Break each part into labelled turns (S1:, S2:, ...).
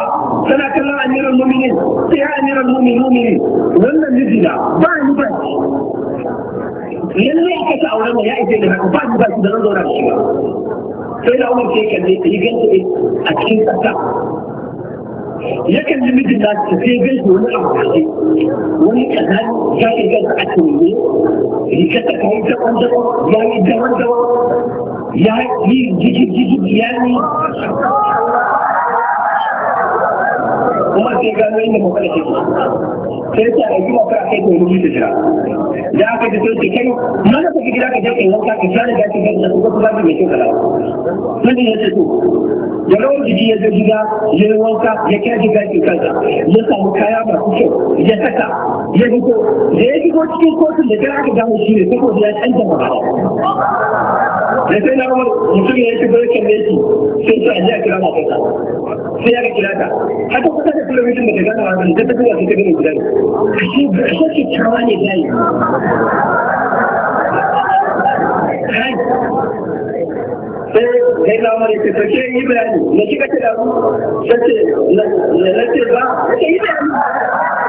S1: ba tana kallon amiran muminin sai ya amiran muminin wannan mijina ba ni ba lalle ka ta a mu ya ita da haka ba ni ba da nan zauna da shi ba sai da umar sai kalle ta yi ganta a cikin tsaka yakan ji mijin da su sai gan shi wani abu da shi wani kaza ya yi gan a cikin tuni rikata ka yi zaman daban ya yi zaman daban ya yi jiki jiki ya yi sai ta ɗauki masu a kai koyi ta jira da aka ji sai kai mana ka gida ka je kai wanka ka share da kai da kuma kuma mai kyau kala mun ne sai to da rawar jiki ya zo gida ya wanka ya kira gida ke kansa ya samu kaya masu kyau ya saka ya fito da ya cikin kotun da kira aka gano shi ne saboda ya canja magana da sai na umar mutum ya shigo ya kalle shi sai su a kira na kasa sai ya kira ta haka kusa da kilomita da ta gano a zan ta tafi da ta gani a shi ba shi ke ne gani sai na mara ke sauke yi bayani na kika kira mu sace na ce ba sai yi bayani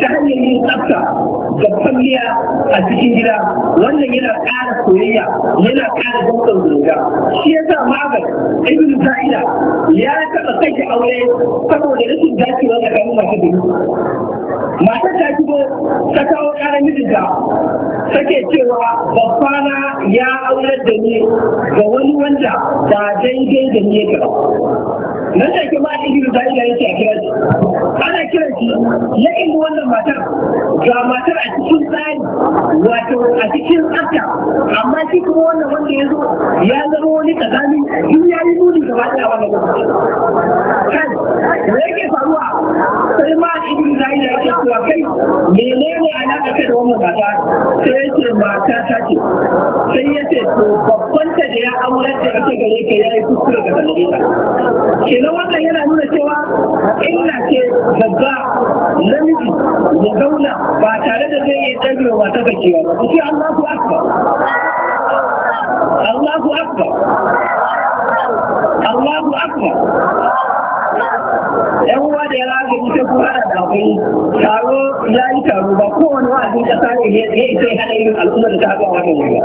S1: ta hanyar yin tsafta da kwalliya a cikin gida wannan yana ƙara soyayya yana ƙara dukkan zanga shi ya sa mabar ibn sa'ida ya taɓa sake aure saboda rashin dacewa tsakanin masu biyu matar ta shigo ta kawo ƙarar mijinta take cewa babbana ya aure da ni ga wani wanda ba daidai da ni ya nan da ke ba a ɗin da ya yake a kira shi ana kira shi ya inda wannan matar ga matar a cikin tsari wato a cikin tsafta amma shi kuma wannan wanda ya zo ya zama wani kazami in ya yi nuni gaba ɗaya wannan lokaci kan da yake faruwa sai ma a ɗin da ya menene alaƙa ta da wannan mata sai ya ce mata ta ce sai ya ce to babban ta da ya aurar da ake gare ka ya yi kuskure ga zalare ta kenan wannan yana nuna cewa illa ke babba namiji ya zauna ba tare da zai yi ɗagewa mata ta kewa ba ku ce Allahu Akbar Allahu Akbar Allahu Akbar ‘Yan uwa da ya rage wuce kuma da babai ya yi taro ba kowane wa'azin kasa ne ya isa ya haɗa irin al'ummar da ta haɗa wannan wuri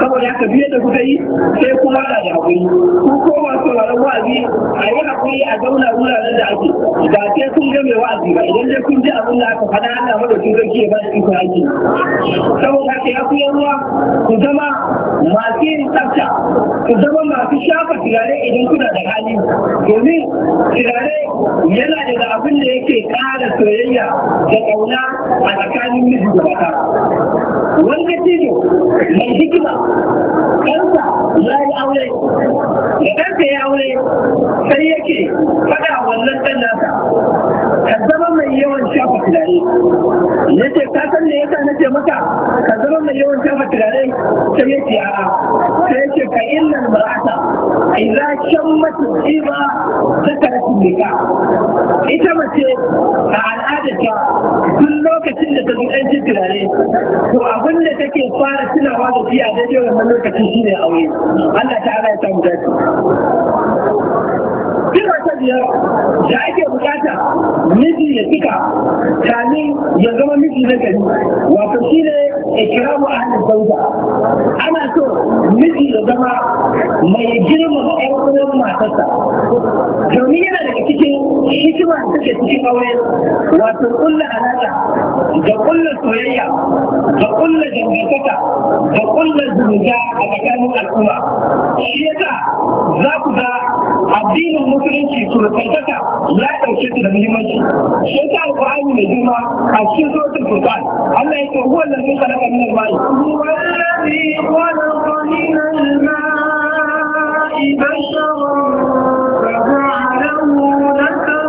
S1: saboda haka biyar da kuka yi sai kuma da da hakuri ku koma sauraron wa'azi a yi hakuri a zauna wuraren da ake ba sai kun ga mai wa'azi ba idan dai kun ji abin da aka faɗa Allah madaukin sarki ya ba su iko aiki saboda haka ya fi yawa ku zama masu yin tsafta ku zama masu shafa turare idan kuna da hali domin turare yana daga abin da yake ƙara soyayya da ƙauna a tsakanin miji da mata mai hikima ɗansa ya yi aure ya aure sai yake faɗa wannan ɗan ka zama mai yawan shafa turare ya ce ka san da yasa na ce ka zama mai yawan shafa turare ka illan mara idza ba ta sakarat nika ita mace a al'adarta duk lokacin da ta zo dan ji turare to abin da take fara tunawa da shi a daidai wannan lokacin shine aure Allah ta'ala ya samu dace kira ta biyar da ake halatta miji ya cika kani ya zama miji na gari wato shi ne ikiramu ahlul zauja ana so miji ya zama mai girma ga ƴan matarsa domin yana daga cikin hikima da take cikin aure wato kulla alaƙa da kulla soyayya da kulla dangantaka da kulla zumunta a tsakanin al'umma shi yasa za ku ga addinin musulunci surutantaka ɗauke su da muhimmanci shi ta alƙur'ani mai girma a cikin suratul furqan Allah ya ce huwa allazi khalaqa min mai